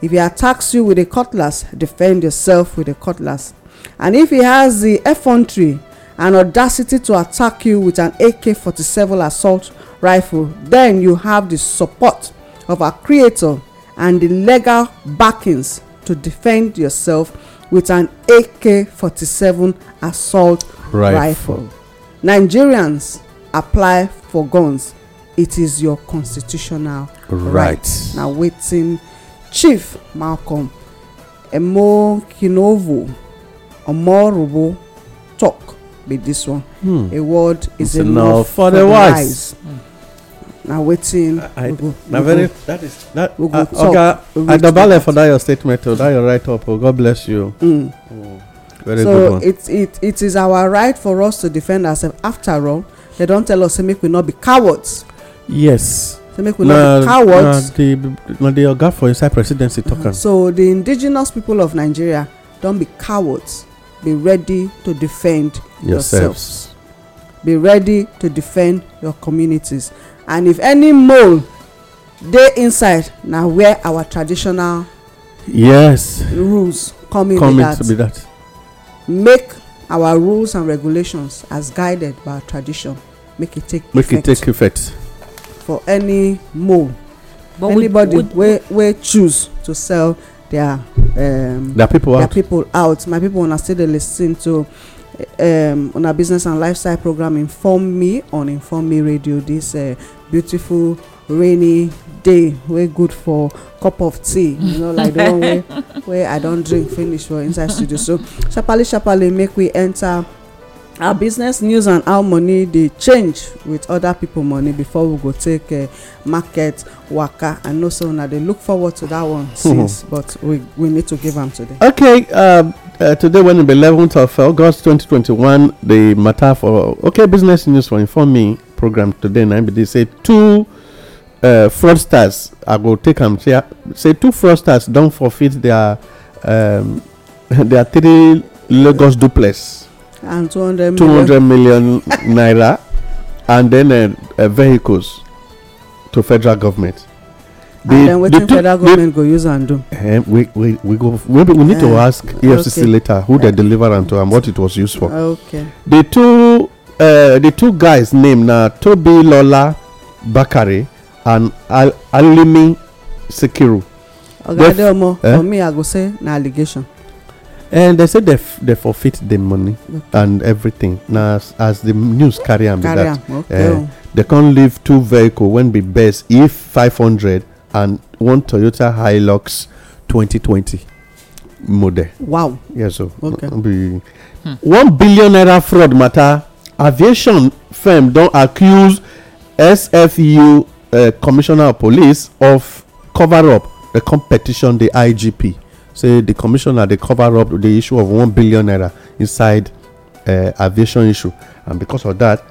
If he attacks you with a cutlass, defend yourself with a cutlass. And if he has the effrontery and audacity to attack you with an AK 47 assault rifle then you have the support of our creator and the legal backings to defend yourself with an AK-47 assault rifle. rifle. Nigerians apply for guns. It is your constitutional right. right. Now waiting Chief Malcolm Emokinovo Omorobo talk with this one. Hmm. A word is enough, enough, for the wise. wise. Hmm na wetin na very that is uh, that oga adobale for that your statement o oh, that your write up Oh, god bless you mm. Mm. very good one so it it it is our right for us to defend ourselves after all they don tell us say make we not be cowards yes say make we not be cowards na di oga for inside presidency tok mm-hmm. am so the indigenous people of nigeria don be cowards be ready to defend yourselves be ready to defend your communities and if any mole dey inside na where our traditional yes rules come in come be, be that make our rules and regulations as guided by tradition make it take make effect. it take effect for any mole but anybody wey wey choose to sell their um, their people their out. people out my people una still dey lis ten to um, on our business and lifestyle program inform me on inform me radio this uh, beautiful rainy day wey good for cup of tea you know like the one wey wey i don drink finish for inside studio so sharparly sharparly make we enter our business news and how money dey change with other people money before we go take uh, market waka i know say una dey look forward to that one since but we we need to give am today. okay um, Uh, today, when the 11th of August 2021, the matter for okay Business News for Inform Me program today, and they say two uh, fraudsters, I will take them, say, say two fraudsters don't forfeit their um, their three Lagos duplex and 200 million, 200 million naira and then uh, uh, vehicles to federal government they, and then the federal government go use and do. Um, we, we, we go maybe we need uh, to eh, ask EFCC okay. later who uh, they eh. deliver and to and what it was used for. Okay. The two uh, the two guys name now Toby Lola Bakare and Al Alimi Sekiru. Ogadeomo, Omo. eh? for me I go say na allegation. And they said they, f- they forfeit the money okay. and everything. Now, as, as the news carry on, carry that, Okay. Uh, they can't leave two vehicle when be best if 500 and one Toyota Hilux 2020 model. Wow. yeah, so okay. hmm. One billion naira fraud matter. Aviation firm don't accuse SFU uh, Commissioner of Police of cover up the competition. The IGP say the commissioner they cover up the issue of one billion naira inside uh, aviation issue, and because of that,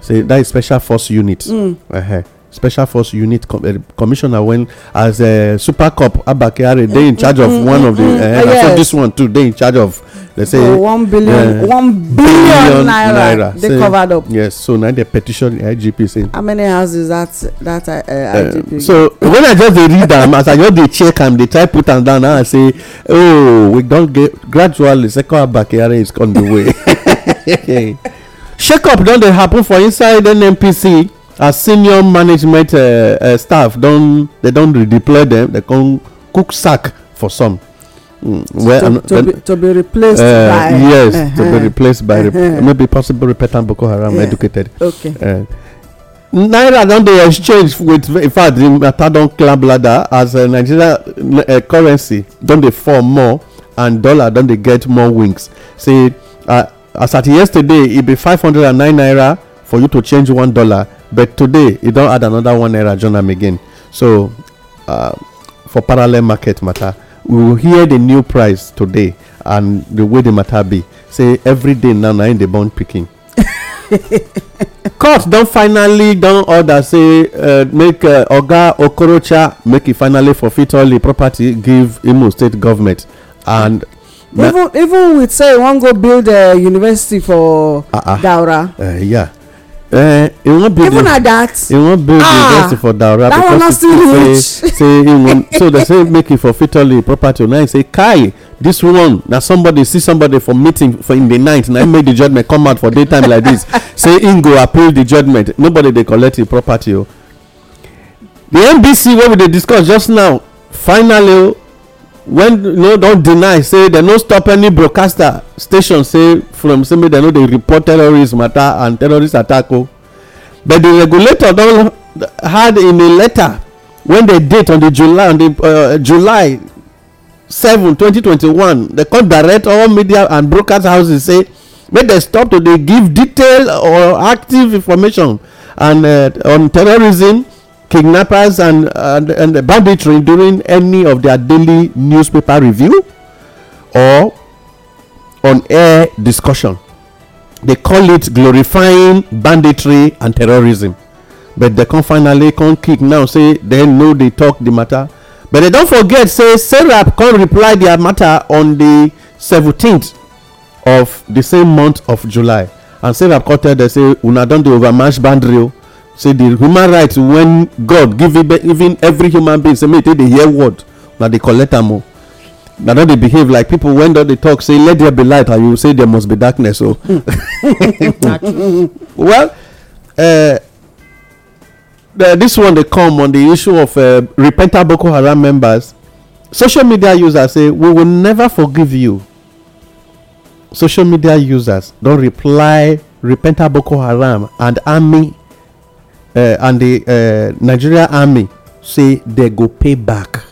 say that is special force unit. Mm. Uh -huh special force unit com uh, commissioner when as a uh, eh, super cop abake are dey in charge of mm, mm, one of the uh, uh, yes. this one too They in charge of let's say oh, one billion uh, one billion, billion naira, naira they say, covered up yes so now they petition the igp saying how many houses that that uh, igp uh, so when i just read am as i just dey check am dey try put am down now i say oh we don't get gradually second abake are is on the way shake up Don't they happen for inside nnpc as senior management eh, eh, staff don they don redeploy them? they come cook sack for some mm, to be replaced eh, by yes to be uh-huh. replaced by uh-huh. maybe possible repentant boko haram educated okay. naira Don't they exchange with in fact di matter club climb ladder as nigeria currency Don't they form more and dollar Don't they get more wings say uh, as at yesterday e be 509 naira for you to change one dollar but today e don add another one naira join am again so uh, for parallel market matter we will hear the new price today and the way the matter be say every day now na in the bond picking. court don finally don order say uh, make uh, oga okorocha make e finally forfeit all the property give imo state government and even even with say e wan go build university for ah, ah. daura yeah eh e wan build even at that e wan build ah, university for daura because e say say e wan so they say make e for fitoli property now e say kai this one now somebody see somebody for meeting for in the night na him make the judgment come out for daytime like this say Ingo go appeal the judgment. nobody they collect the property o oh. the nbc wey we dey discuss just now finally oh, when you no don deny say dem no stop any broadcaster station say from say make dem no dey report terrorist matter and terrorist attack o oh. but di regulator don had in a letter wey dem date on july uh, July seven twenty twenty one. dem come direct all media and broadcast houses say make dem stop to dey give detailed or active information and uh, on terrorism kidnappers and, and, and banditry during any of their daily newspaper review or on air discussion. They call it glorifying banditry and terrorism. But they can finally come kick now, say they know they talk the matter. But they don't forget, say Serap can reply their matter on the 17th of the same month of July. And Serap can tell they say, Una don't do overmatch bandrio say the human rights when god give even every human being say make they dey hear word na dey collect am o oh. na don dey behave like people. wen don dey talk say let there be light and you say there must be darkness o oh. hmm. well uh, this one dey come on the issue of eh, repentant boko haram members social media users say we will never forgive you social media users don reply repentant boko haram and army Eh, and the eh, nigeria army say they go pay back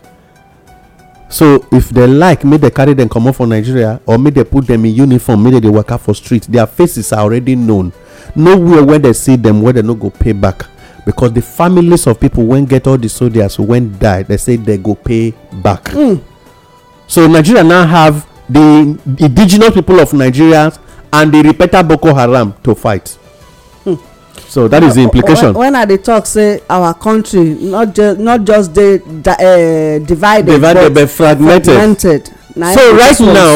so if they like make they carry dem comot for nigeria or make they put them in uniform make they dey waka for street their faces are already known nowhere wey they see them, wey they no go pay back because the families of people wey get all the soldiers wen die they say they go pay back hmm. so nigeria now have the indigenous people of nigeria and the repeta boko haram to fight so that is the implication when i dey talk say our country not just not just dey eh, divided but fragmented so right now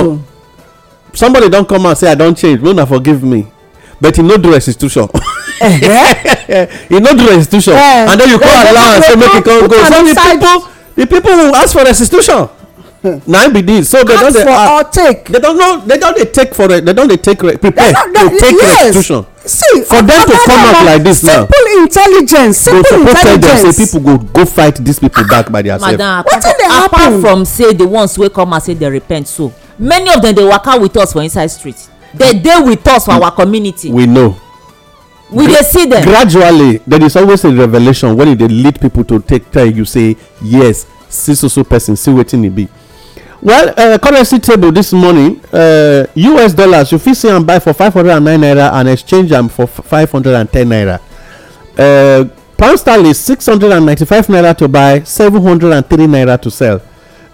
somebody don come out say i don change una forgive me but e no do restitution e eh? no do restitution eh, and then you come allow am say make e come go so the people who ask for restitution na im be this. so they don dey take they don dey take for they don dey take prepare to take restitution see for them to come out like this now simple intelligence simple intelligence go suppose tell dem say pipo go go fight these people back by diasef madam apart from say the ones wey come out say they repent so many of dem dey waka with us for inside street dem dey with us for our community we know we dey see them gradually there is always a revelation when e dey lead people to take tell you say yes see so so person see wetin e be well uh, currency table this morning us uh, dollars you fit see am buy for 509 naira and exchange am for 510 naira uh, pound sterling 695 naira to buy 703 naira to sell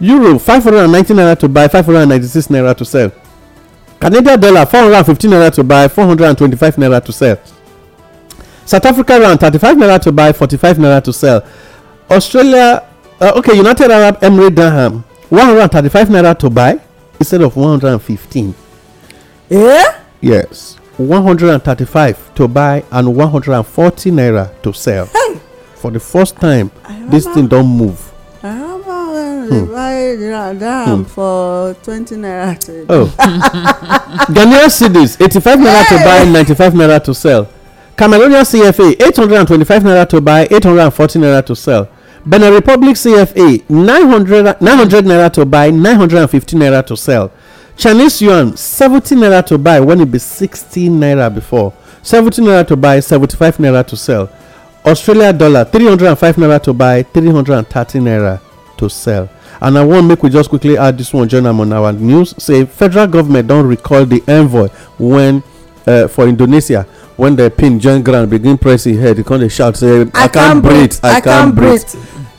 euro 590 naira to buy 596 naira to sell canadian dollar 415 naira to buy 425 naira to sell south africa rand 35 naira to buy 45 naira to sell australia okay united arab emirates dirham one hundred and thirty-five naira to buy instead of one hundred and fifteen. Eh? Yes, one hundred and thirty-five to buy and one hundred and forty naira to sell. Hey. For the first time, this thing don move. I remember when hmm. buy dam hmm. for twenty naira to. Oh, Ghanaian cedis eighty-five naira hey. to buy, ninety-five naira to sell. Cameroonian CFA eight hundred and twenty-five naira to buy, eight hundred and forty naira to sell. Benin Republic CFA nine hundred nine hundred naira to buy, nine hundred and 950 naira to sell. Chinese yuan 70 naira to buy when it be sixteen naira before. 70 naira to buy, seventy five naira to sell. Australia dollar three hundred and five naira to buy, three hundred and 330 naira to sell. And I want make we just quickly add this one join journal on our news. Say federal government don't recall the envoy when uh, for Indonesia When dem pin join ground begin press im head He con dey shout say i can't breathe i can't breathe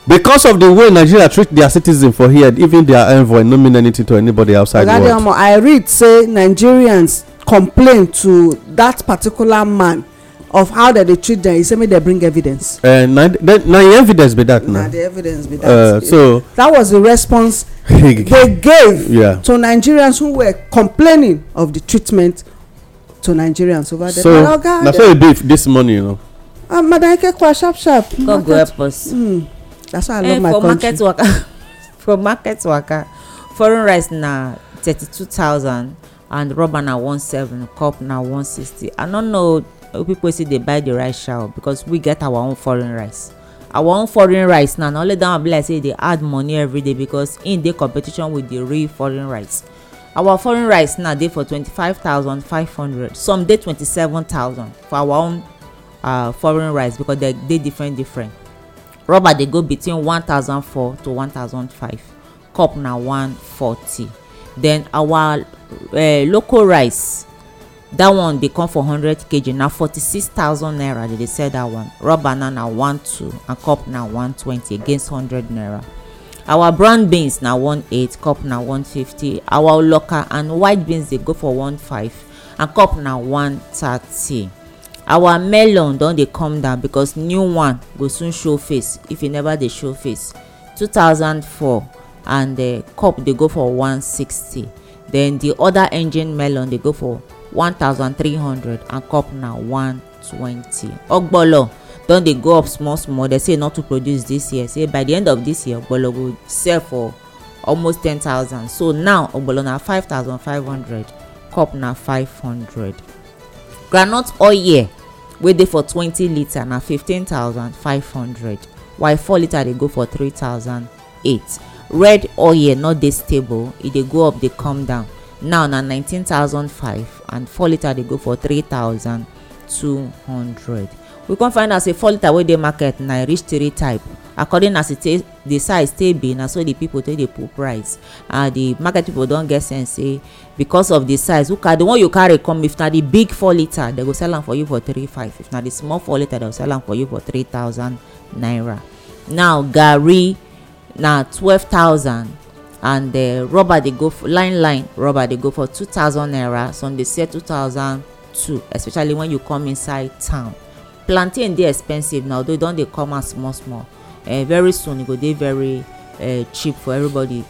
because of the way nigeria treat their citizens for here even their envoy no mean anything to anybody outside the world i read say nigerians complain to that particular man of how they dey treat them. He say make they bring evidence uh, na the evidence be that uh, na the evidence be that so that was the response they gave Yeah. to nigerians who were complaining of the treatment to nigerians over there so na so e dey this morning you know ah madam ikekwa sharp sharp god go help us hmm, that's why i love eh, my country for market worker, foreign rice na thirty-two thousand and rubber na one seven cup na one sixty i don't know people say they buy the rice shell because we get our own foreign rice our own foreign rice now na only that one be like say e dey add money every day because e dey competition with the real foreign rice our foreign rice now dey for twenty-five thousand, five hundred some dey twenty-seven thousand for our own uh, foreign rice because they dey different different rubber dey go between one thousand four to one thousand five cup na one forty then our uh, local rice that one dey come for hundred kg na forty-six thousand naira they dey sell that one rubber now na one two and cup na one twenty against hundred naira our brown beans na one eight cup na one fifty our oloka and white beans dey go for one five and cup na one thirty our melon don dey come down because new one go soon show face if e never dey show face two thousand four and the cup dey go for one sixty then the other engine melon dey go for one thousand three hundred and cup na one twenty ogbolo don dey go up small small dey say e not to produce this year say by the end of this year ogbolo go sell for almost ten thousand so now ogbolo na five thousand five hundred cup na five hundred groundnut oil wey dey for twenty litre na fifteen thousand five hundred while four litre dey go for three thousand eight red oil no dey stable e dey go up dey come down now na nineteen thousand five and four litre dey go for three thousand two hundred we come find out say folita wey dey market na reach three type according as the, the size take be na so the people take dey put price and the market people don get sense say because of the size who carry the one you carry come if na the big four liter, they go sell am for you for three five if na the small four liter, they go sell am for you for three thousand naira now garri na twelve thousand and uh, rubber dey go for line line rubber dey go for two thousand naira some dey sell two thousand two especially when you come inside town plantain dey expensive now though e don dey come out small small uh, very soon e go dey very uh, cheap for everybody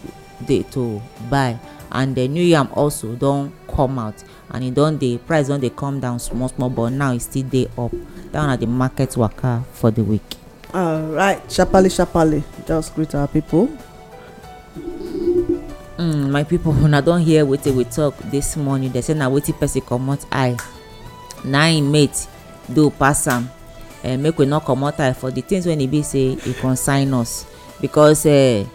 dey to buy and the new yam also don come out and e don dey price don dey come down small small but now e still dey up that one na the market waka for the week. All right, sharparly sharparly just greet our people. Mm, my people una don hear wetin we talk this morning dey say na wetin person comot eye na im mate do pass am uh, make we no comot eye for the things wey e be say e concern us because uh,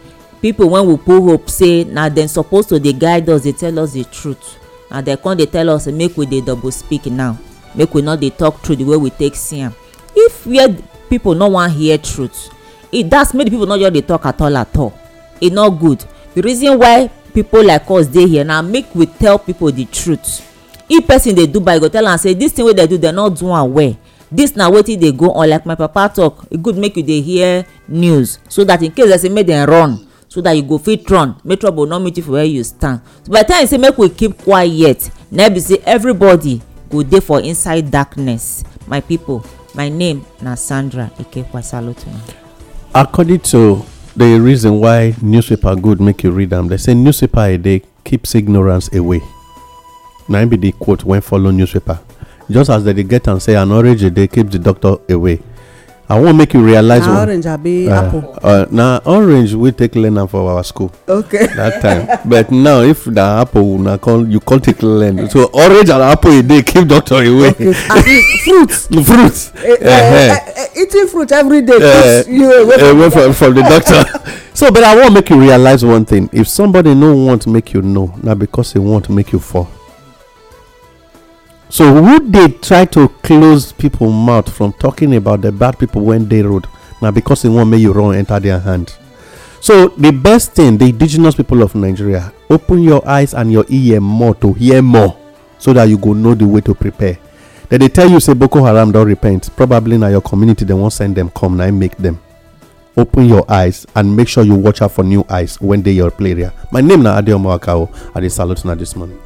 people wey we put hope say na dem suppose to dey guide us dey tell us the truth and dem come dey tell us make we dey double speak now make we no dey talk true the way we take see am if where people no wan hear truth e that's make the people no just dey talk at all at all e no good the reason why people like us dey here na make we tell people the truth if person dey do bad you go tell am say this thing wey dem do dem no do am well this na wetin dey go on like my papa talk e good make you dey hear news so that in case dem say make dem run so that you go fit run make trouble no meet you for where you stand so by the time you say make we keep quiet na be say everybody go dey for inside darkness my people my name na sandra ekekwasalotun. according to the reason why newspaper good make you read am they say newspaper a dey keeps ignorance away na be the quote when follow newspaper just as dem dey get am say an orange dey keep the doctor away i wan make you realize na orange abi eh, apple eh, na orange we take learn am for our school okay that time but now if na apple na you call take learn so orange and apple e dey keep doctor away okay fruit fruit eh, eating fruit every day keeps you away from from the doctor so but i wan make you realize one thing if somebody no want make you know na because e want make you fall so would they try to close people's mouth from talking about the bad people when they road Now because they want make you wrong enter their hand so the best thing the indigenous people of nigeria open your eyes and your ear more to hear more so that you go know the way to prepare Then they tell you say boko haram don't repent probably now your community they won't send them come now and make them. open your eyes and make sure you watch out for new eyes when they your player. my name now adeomuaka i dey salute now this morning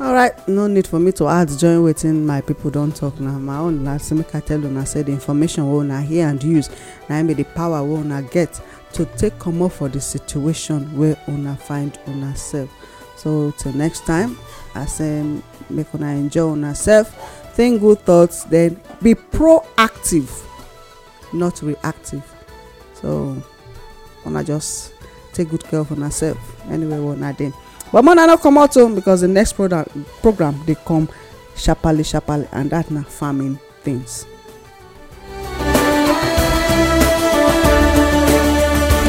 All right, no need for me to add join wetin my people don talk na my own na say make i tell una say di information wey una hear and use na im be di power wey una get to take comot for the situation wey una find una sef so till next time i say make una enjoy una sef think good thoughts then be proactive not reactive so una just take good care of una anyway anywhere una dey but more na no out o because the next program dey come sharparly sharparly and that na farming things